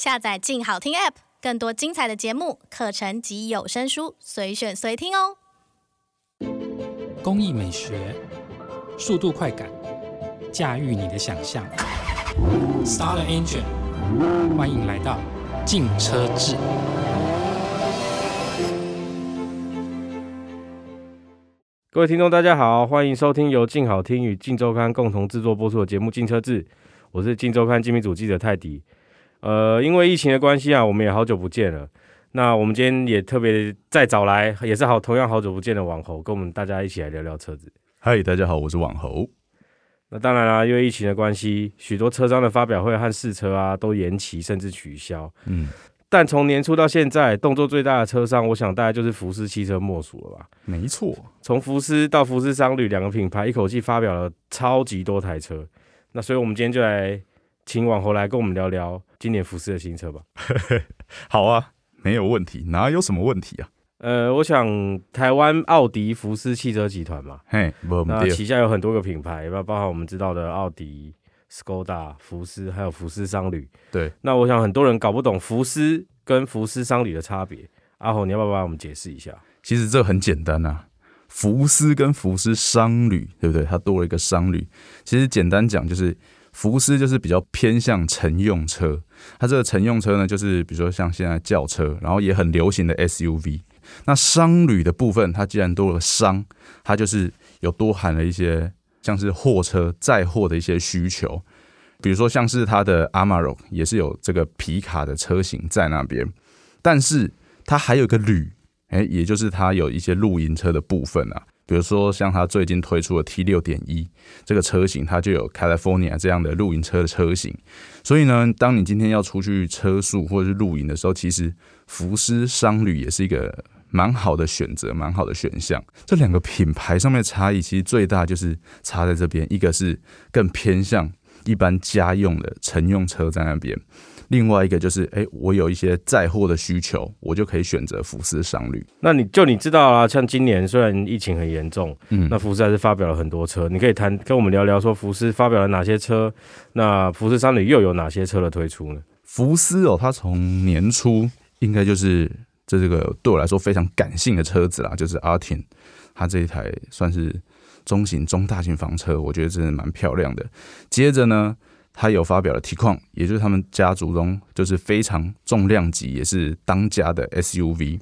下載“靜好聽 ”App，更多精彩的節目、課程及有聲書，隨選隨聽哦！工藝美學、速度快感，駕馭你的想象。 Star Engine，an 歡迎來到《靜車誌》。各位聽眾，大家好，歡迎收聽由“靜好聽”與《靜週刊》共同制作播出的節目《靜車誌》，我是《靜週刊》精密組記者泰迪。呃，因為疫情的關係啊，我們也好久不見了。那我們今天也特別再找來，也是好同樣好久不見的網猴，跟我們大家一起來聊聊車子。嗨，hey, 大家好，我是網猴。那當然啦、啊，因為疫情的關係，許多車商的發表會和試車啊都延期甚至取消。嗯，但從年初到現在，動作最大的車商，我想大概就是福斯汽車莫屬了吧？沒錯錯，從福斯到福斯商旅兩個品牌，一口氣發表了超級多台車。那所以，我們今天就來請網猴來跟我們聊聊。今年福斯的新車吧， 好啊，沒有問題，哪有什麼問題啊？呃，我想台灣奧迪福斯汽車集團嘛，嘿，那旗下有很多個品牌，包括我們知道的奧迪、Skoda、福斯，還有福斯商旅。對，那我想很多人搞不懂福斯跟福斯商旅的差別，阿豪，你要不要幫我們解釋一下？其實這很簡單吶、啊，福斯跟福斯商旅，對不對？它多了一個商旅。其實簡單講就是。福斯就是比較偏向乘用車，它這個乘用車呢，就是比如說像現在轎車，然後也很流行的 SUV。那商旅的部分，它既然多了商，它就是有多含了一些像是貨車載貨的一些需求，比如說像是它的 Amarok 也是有這個皮卡的車型在那邊，但是它還有一個旅，誒，也就是它有一些露營車的部分啊。比如說，像它最近推出的 T 六點一這個車型，它就有 California 這樣的露營車的車型。所以呢，當你今天要出去車宿或是露營的時候，其實福斯商旅也是一個蠻好的選擇，蠻好的選項。這兩個品牌上面的差異其實最大就是差在這邊，一個是更偏向一般家用的乘用車在那邊。另外一個就是，誒、欸，我有一些載貨的需求，我就可以選擇福斯商旅。那你就你知道啊，像今年雖然疫情很嚴重，嗯，那福斯還是發表了很多車。你可以談跟我們聊聊，說福斯發表了哪些車？那福斯商旅又有哪些車的推出呢？福斯哦，它從年初應該就是這這個對我來說非常感性的車子啦，就是 Arteon，它這一台算是中型中大型房車，我覺得真的蠻漂亮的。接着呢。他有發表了 Tiguan，也就是他們家族中就是非常重量級，也是當家的 SUV。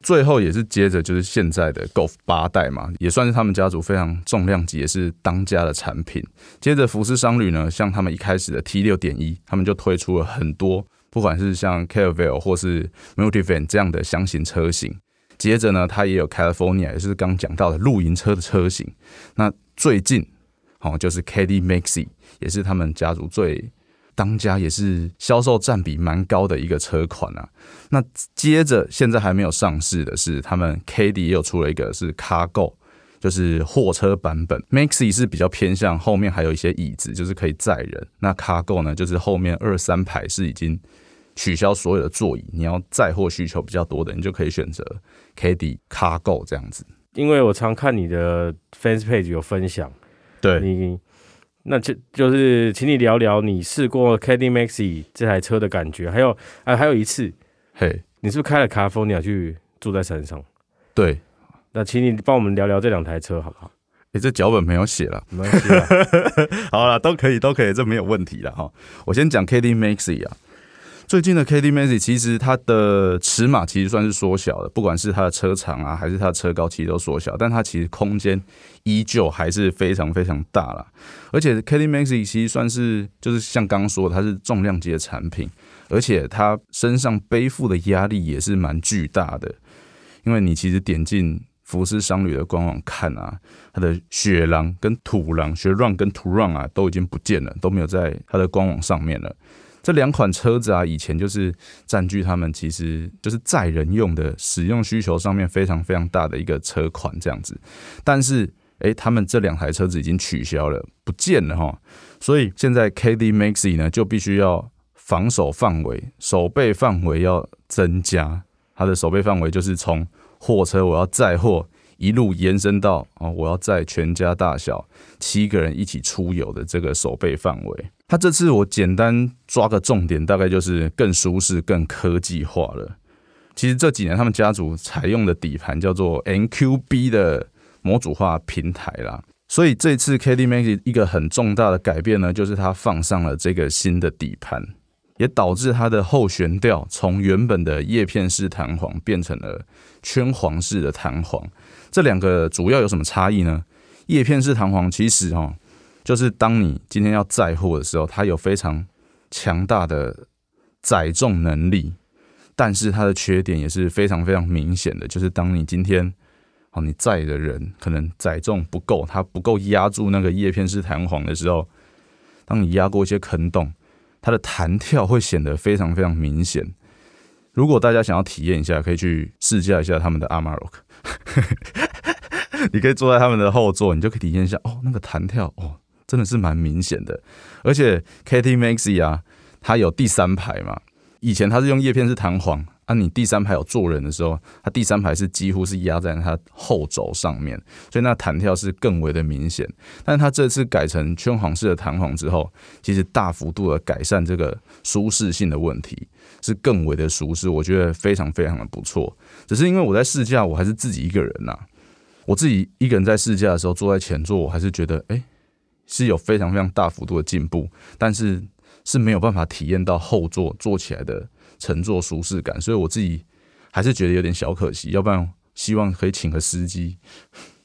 最後也是接着就是現在的 Golf 八代嘛，也算是他們家族非常重量級，也是當家的產品。接着福斯商旅呢，像他們一開始的 T 六點一，他們就推出了很多，不管是像 Caravelle 或是 Multivan 這樣的箱型車型。接着呢，它也有 California，也是剛講到的露營車的車型。那最近哦，就是 Caddy Maxi。也是他們家族最當家，也是銷售占比蠻高的一個車款啊。那接着現在還沒有上市的是，他們 Caddy 又出了一個是 Cargo，就是貨車版本。Maxi 是比較偏向後面還有一些椅子，就是可以載人。那 Cargo 呢，就是後面二三排是已經取消所有的座椅，你要載貨需求比較多的，你就可以選擇 Caddy Cargo 這樣子。因為我常看你的 Fans Page 有分享，對你。那就就是，請你聊聊你試過 Caddy Maxi 這台車的感覺，還有啊，還有一次，嘿，Hey, 你是不是開了 California 去住在山上？對，那請你幫我們聊聊這兩台車好不好？你、欸、這腳本沒有寫了，沒關係， 好了，都可以，都可以，這沒有問題了哈。我先講 Caddy Maxi 啊。最近的 Caddy Maxi 其實它的尺碼其實算是縮小的，不管是它的車長啊，還是它的車高，其實都縮小，但它其實空間依舊還是非常非常大啦。而且 Caddy Maxi 其實算是就是像剛剛說的，它是重量級的產品，而且它身上背負的壓力也是蠻巨大的。因為你其實點進福斯商旅的官網看啊，它的雪狼跟土狼，雪 run 跟土 run 啊都已經不見了，都沒有在它的官網上面了。這兩款車子啊，以前就是佔據他們其實就是載人用的使用需求上面非常非常大的一個車款這樣子，但是誒，他們這兩台車子已經取消了，不見了哈。所以現在 Caddy Maxi 呢就必須要防守範圍，守備範圍要增加。它的守備範圍就是從貨車我要載貨一路延伸到哦，我要載全家大小七個人一起出遊的這個守備範圍。它這次我簡單抓個重點，大概就是更舒適、更科技化了。其實這幾年他們家族採用的底盤叫做 MQB 的模組化平台啦，所以這次 Caddy Maxi 一個很重大的改變呢，就是它放上了這個新的底盤，也導致它的後懸吊從原本的葉片式彈簧變成了圈簧式的彈簧。這兩個主要有什麼差異呢？葉片式彈簧其實哈。就是當你今天要載貨的時候，它有非常強大的載重能力，但是它的缺點也是非常非常明顯的。就是當你今天哦，你載的人可能載重不夠，它不夠壓住那個葉片式彈簧的時候，當你壓過一些坑洞，它的彈跳會顯得非常非常明顯。如果大家想要體驗一下，可以去試駕一下他們的阿瑪洛克， 你可以坐在他們的後座，你就可以體驗一下哦，那個彈跳哦。真的是蠻明顯的，而且 Caddy Maxi 啊，它有第三排嘛？以前它是用葉片式彈簧，啊，你第三排有坐人的時候，它第三排是幾乎是壓在它後軸上面，所以那彈跳是更為的明顯。但它這次改成圈簧式的彈簧之後，其實大幅度的改善這個舒適性的問題，是更為的舒適，我覺得非常非常的不錯。只是因為我在試駕，我還是自己一個人吶、啊，我自己一個人在試駕的時候，坐在前座，我還是覺得，哎、欸。是有非常非常大幅度的進步，但是是沒有辦法體驗到後座坐起來的乘坐舒適感，所以我自己還是覺得有點小可惜。要不然，希望可以請個司機，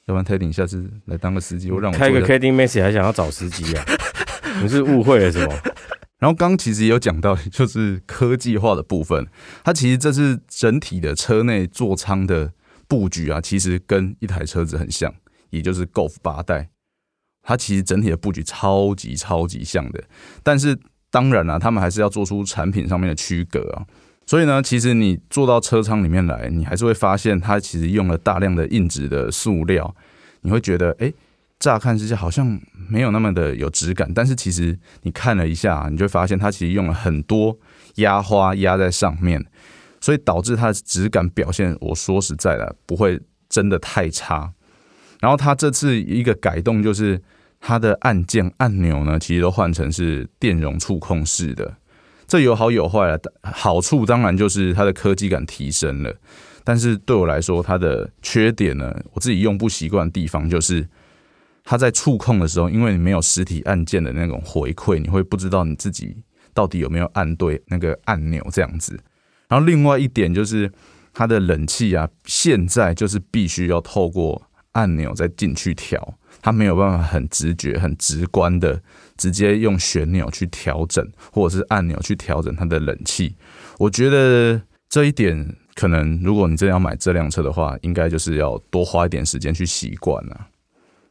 要不然 Tayden 下次來當個司機，我讓我一開一個 Caddy Maxi 還想要找司機啊？ 你是誤會了是嗎？ 然後剛其實也有講到，就是科技化的部分，它其實這是整體的車內座艙的佈局啊，其實跟一台車子很像，也就是 Golf 八代。它其實整體的布局超級超級像的，但是當然了、啊，他們還是要做出產品上面的區隔啊。所以呢，其實你坐到車艙裡面來，你還是會發現它其實用了大量的硬質的塑料，你會覺得，誒、欸，乍看之下好像沒有那麼的有質感。但是其實你看了一下、啊，你就發現它其實用了很多壓花壓在上面，所以導致它的質感表現，我說實在的，不會真的太差。然後它這次一個改動就是。它的按鍵按鈕呢，其實都換成是電容觸控式的，這有好有壞了。好處當然就是它的科技感提升了，但是對我來說，它的缺點呢，我自己用不習慣的地方就是，它在觸控的時候，因為你沒有實體按鍵的那種回饋，你會不知道你自己到底有沒有按對那個按鈕這樣子。然後另外一點就是它的冷氣啊，現在就是必須要透過。按鈕再進去調，它沒有辦法很直覺、很直觀的直接用旋鈕去調整，或者是按鈕去調整它的冷氣。我覺得這一點，可能如果你真的要買這輛車的話，應該就是要多花一點時間去習慣了。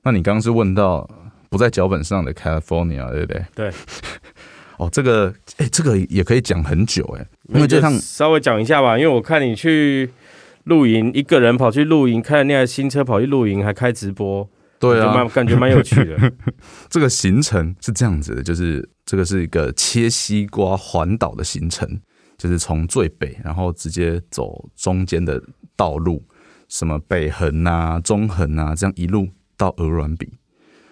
那你剛剛是問到不在腳本上的 California，對不對？對。 哦，這個，哎、欸，這個也可以講很久、欸，哎，因為就像稍微講一下吧，因為我看你去。露營一個人跑去露營，開了那台新車跑去露營，還開直播，對啊，感覺蠻有趣的。 這個行程是這樣子的，就是這個是一個切西瓜環島的行程，就是從最北，然後直接走中間的道路，什麼北橫啊、中橫啊，這樣一路到鵝鑾鼻。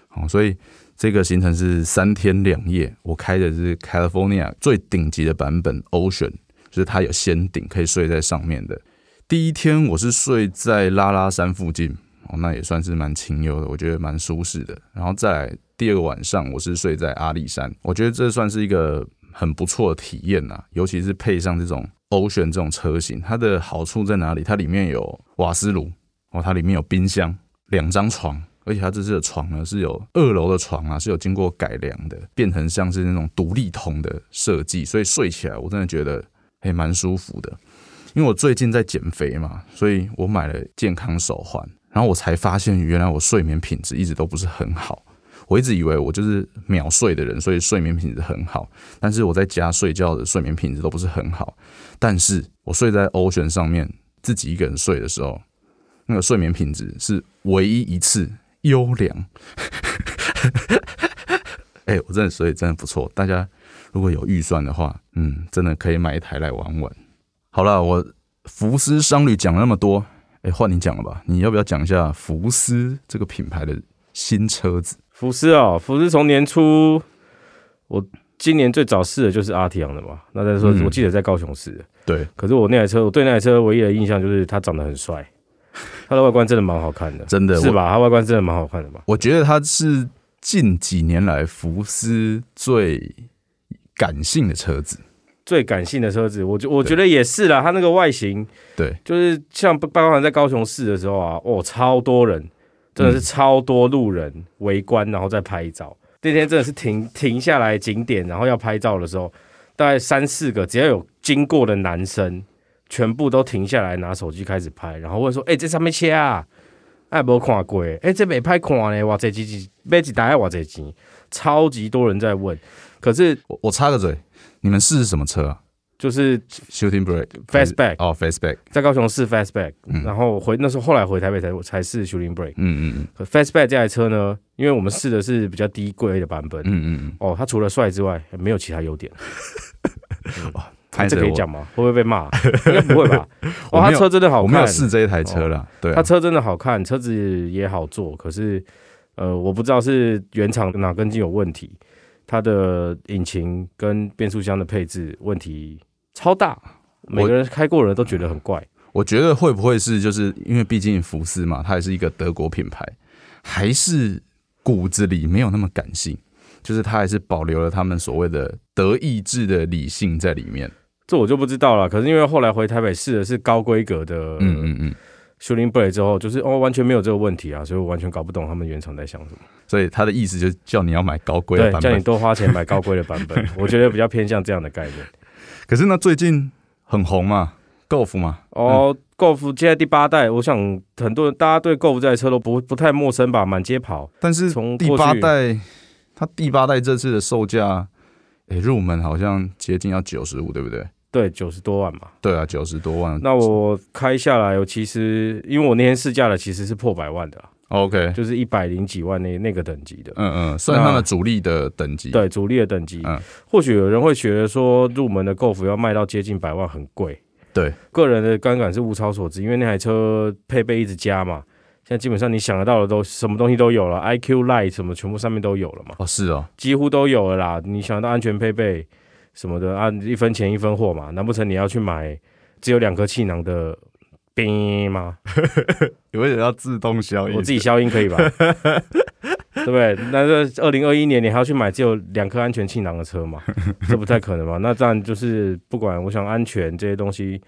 好，所以這個行程是三天兩夜。我開的是 California 最頂級的版本 Ocean，就是它有掀頂，可以睡在上面的。第一天我是睡在拉拉山附近哦，那也算是蠻清幽的，我覺得蠻舒適的。然後在第二個晚上，我是睡在阿里山，我覺得這算是一個很不錯的體驗吶，尤其是配上這種 Ocean 這種車型，它的好處在哪裡？它裡面有瓦斯爐哦，它裡面有冰箱，兩張床，而且它這次的床呢是有二樓的床啊，是有經過改良的，變成像是那種獨立筒的設計，所以睡起來我真的覺得還、欸、蠻舒服的。因為我最近在減肥嘛，所以我買了健康手環，然後我才發現原來我睡眠品質一直都不是很好。我一直以為我就是秒睡的人，所以睡眠品質很好。但是我在家睡覺的睡眠品質都不是很好，但是我睡在 Ocean 上面自己一個人睡的時候，那個睡眠品質是唯一一次優良。哎、 欸，我真的睡得真的不錯。大家如果有預算的話，嗯，真的可以買一台來玩玩。好了，我福斯商旅講了那麼多，哎、欸，換你講了吧？你要不要講一下福斯這個品牌的新車子？福斯啊、哦，福斯從年初，我今年最早試的就是阿提昂的嘛。那再說，嗯、我記得在高雄試的。對，可是我那台車，我對那台車唯一的印象就是它長得很帥，它的外觀真的蠻好看的，真的是吧？它外觀真的蠻好看的嘛？我覺得它是近幾年來福斯最感性的車子。最感性的車子，我覺我覺得也是啦。對它那個外形，對，就是像包括在高雄市的時候啊，哦，超多人，真的是超多路人圍、嗯、觀，然後再拍照。那天真的是停停下來景點，然後要拍照的時候，大概三四個，只要有經過的男生，全部都停下來拿手機開始拍，然後問說：“哎、欸，這是什麼車啊？哎，沒看過？哎、欸，這沒拍看呢。哇，這幾幾，買一台多少錢？哇，這錢，超級多人在問。”可是我插個嘴，你們試什麼車啊？就是 Shooting Brake，Fastback。哦，Fastback，在高雄試 Fastback，然後回那時候後來回台北才才試 Shooting Brake。嗯嗯 Fastback 這台車呢，因為我們試的是比較低規的版本。嗯嗯哦，它除了帥之外，沒有其他優點。哇，這可以講嗎？會不會被罵？應該不會吧。哇，車真的好，我沒有試這一台車了。對，它車真的好看，車子也好坐。可是，呃，我不知道是原廠哪根筋有問題。它的引擎跟變速箱的配置，問題超大，每個人開過的人都覺得很怪。我，我覺得會不會是就是因為畢竟福斯嘛，它也是一個德國品牌，還是骨子裡沒有那麼感性，就是它還是保留了他們所謂的德意志的理性在裡面。這我就不知道了。可是因為後來回台北試的是高規格的，嗯嗯嗯。Shooting Brake 版之後，就是哦，完全沒有這個問題啊，所以我完全搞不懂他們原廠在想什麼。所以他的意思就是叫你要買高規的版本，叫你多花錢買高規的版本。 我覺得比較偏向這樣的概念。可是那最近很紅嘛，高爾夫嘛，哦，嗯、高爾夫現在第八代，我想很多人大家對高爾夫這台車都不不太陌生吧，滿街跑。但是從第八代，它第八代這次的售價，哎、欸，入門好像接近要九十五，對不對？對，九十多萬嘛，對啊，九十多萬。那我開下來，我其實因為我那天試駕的其實是破百萬的啊，OK，就是一百零幾萬那那個等級的，嗯嗯，算上了主力的等級。對主力的等級，嗯，或許有人會覺得說，入門的高爾夫要賣到接近百萬，很貴。對，個人的觀感是物超所值，因為那台車配備一直加嘛，現在基本上你想得到的都什麼東西都有了，IQ Light 什麼全部上面都有了嘛。哦，是哦，幾乎都有了啦。你想到安全配備。什麼的按、啊、一分錢一分貨嘛，難不成你要去買只有兩顆氣囊的冰嗎？你為什麼要自動消音？我自己消音可以吧？ 對不對？那這二零二一年，你還要去買只有兩顆安全氣囊的車嗎？ 這不太可能吧？那這樣就是不管，我想安全這些東西，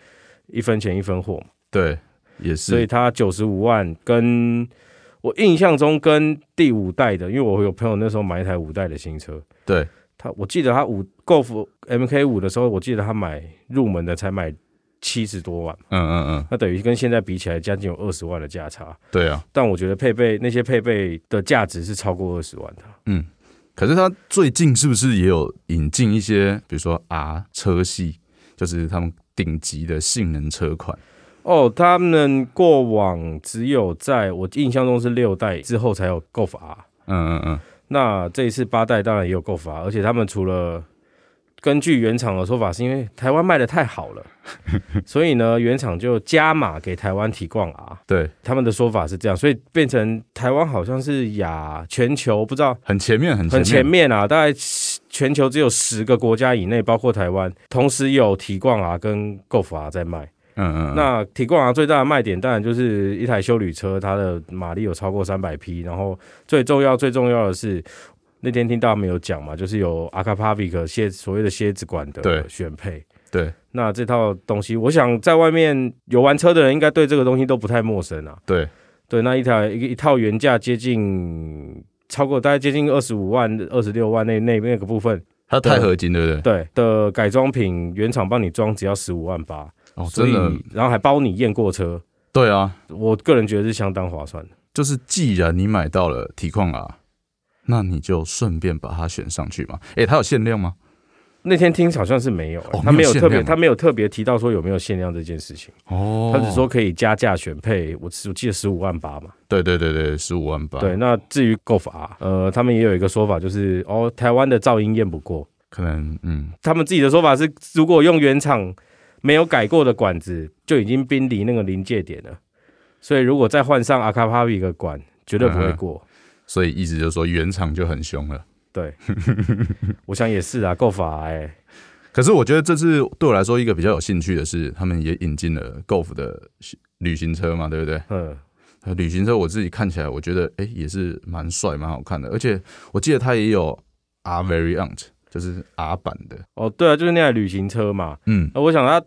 一分錢一分貨。對，也是。所以它九十五萬跟，跟我印象中跟第五代的，因為我有朋友那時候買一台五代的新車，對。他我記得他五 Golf MK 五的時候，我記得他買入門的才買七十多萬，嗯嗯嗯，那等於跟現在比起來，將近有二十萬的價差。對啊，但我覺得配備那些配備的價值是超過二十萬的。嗯，可是他最近是不是也有引進一些，比如說 R 車系，就是他們頂級的性能車款？哦，他們過往只有在我印象中是六代之後才有 Golf R。嗯嗯嗯。那這一次八代當然也有 Golf R，而且他們除了根據原廠的說法，是因為台灣賣的太好了， 所以呢，原廠就加碼給台灣 Tiguan R。對，他們的說法是這樣，所以變成台灣好像是亞全球，不知道很前面很前面，很前面啊，大概全球只有十個國家以內，包括台灣，同時有 Tiguan R 跟 Golf R 在賣。嗯嗯，那 Tiguan 啊最大的賣點當然就是一台休旅車，它的馬力有超過三百匹，然後最重要最重要的是那天聽大家沒有講嘛，就是有阿卡帕維克蠍所謂的蠍子管的選配，對，那這套東西，我想在外面有玩車的人應該對這個東西都不太陌生啊。對對，那一台一一套原價接近超過大概接近二十五萬二十六萬，那那那個部分，它鈦合金對不對？對的改裝品原廠幫你裝只要十五萬八。哦，oh, 以真的，然後還包你驗過車。對啊，我個人覺得是相當划算的。就是既然你買到了提礦啊，那你就順便把它選上去嘛。哎、欸，它有限量嗎？那天聽好像是沒有、欸，他、哦、沒，沒有特別，他沒有特別提到說有沒有限量這件事情。哦，他只說可以加價選配。我只記得十五萬八嘛。對對對對，十五萬八。對，那至於 Golf R 呃，他們也有一個說法，就是哦，台灣的噪音驗不過，可能嗯，他們自己的說法是，如果用原廠。沒有改過的管子就已經瀕臨那個臨界點了，所以如果再換上阿卡帕維的管，絕對不會過，嗯。所以意思就是說，原廠就很凶了。對， 我想也是啊，夠法哎、啊欸。可是我覺得這次對我來說一個比較有興趣的是，他們也引進了 Golf 的旅行車嘛，對不對？嗯，旅行車我自己看起來，我覺得哎也是蠻帥、蠻好看的。而且我記得它也有 R Variant，就是 R 版的。哦，對啊，就是那台旅行車嘛。嗯、呃，我想它。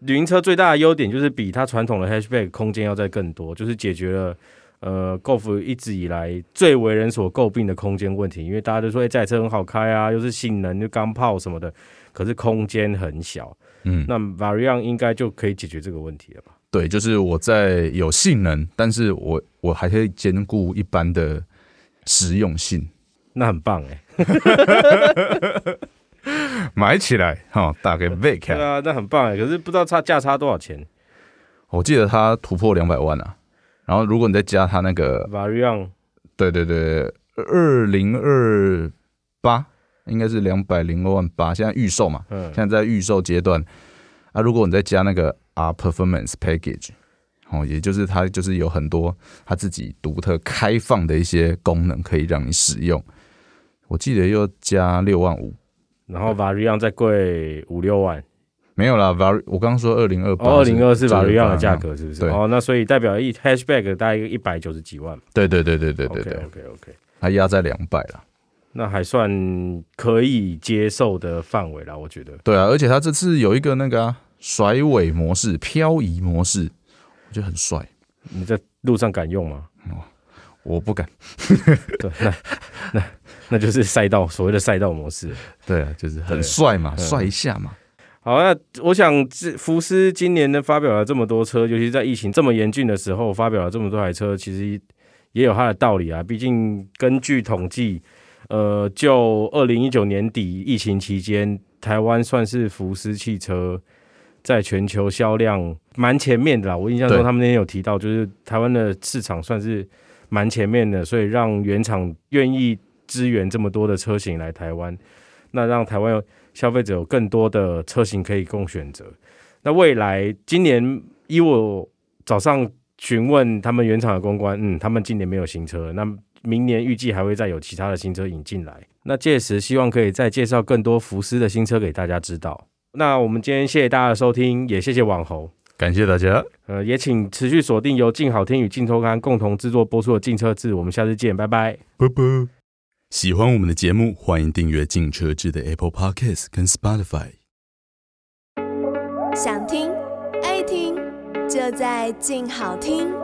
旅行車最大的優點就是比它傳統的 hatchback 空間要再更多，就是解決了呃 Golf 一直以來最為人所詬病的空間問題，因為大家都說、欸、這台車很好開啊，又是性能，又鋼炮什麼的，可是空間很小。嗯，那 variant 應該就可以解決這個問題了吧？對，就是我在有性能，但是我我還可以兼顧一般的實用性，那很棒哎、欸。 買起來哈，大概 V 看。對啊，那很棒哎，可是不知道差價差多少錢。我記得它突破兩百萬了、啊，然後如果你再加它那個 Variant 對對對，二零二八應該是兩百零二萬八。現在預售嘛，現在在預售階段。啊，如果你再加那個啊 R Performance Package，哦，也就是它就是有很多它自己獨特開放的一些功能可以讓你使用。我記得又加六萬五。然後 Variant 再貴五六萬，沒有啦。Vari 我剛剛說二零二，八，二零二是 Variant 的價格是不是？哦，那所以代表一 Hatchback 大概一百九十幾萬。對對對對對對對。OK OK，它、okay、壓在兩百啦，那還算可以接受的範圍啦。我覺得。對啊，而且它這次有一個那個、啊、甩尾模式、漂移模式，我覺得很帥。你在路上敢用嗎？哦，我不敢。那 那。那那就是賽道，所謂的賽道模式，對啊，就是很帥嘛，帥對一下嘛。嗯。好，那我想福斯今年呢發表了這麼多車，尤其在疫情這麼嚴峻的時候發表了這麼多台車，其實也有它的道理啊。畢竟根據統計，呃，就二零一九年底疫情期間，台灣算是福斯汽車在全球銷量蠻前面的啦。我印象中他們那天有提到，就是台灣的市場算是蠻前面的，所以讓原廠願意。支援這麼多的車型來台灣，那讓台灣消費者有更多的車型可以供選擇。那未來今年，依我早上詢問他們原廠的公關，嗯，他們今年沒有新車，那明年預計還會再有其他的新車引進來。那屆時希望可以再介紹更多福斯的新車給大家知道。那我們今天謝謝大家的收聽，也謝謝網紅，感謝大家。呃，也請持續鎖定由鏡好聽與鏡週刊共同製作播出的《鏡車誌》，我們下次見，拜拜，拜拜。喜歡我們的節目，歡迎訂閱鏡車誌的 Apple Podcasts 跟 Spotify。想聽，愛聽，就在鏡好聽。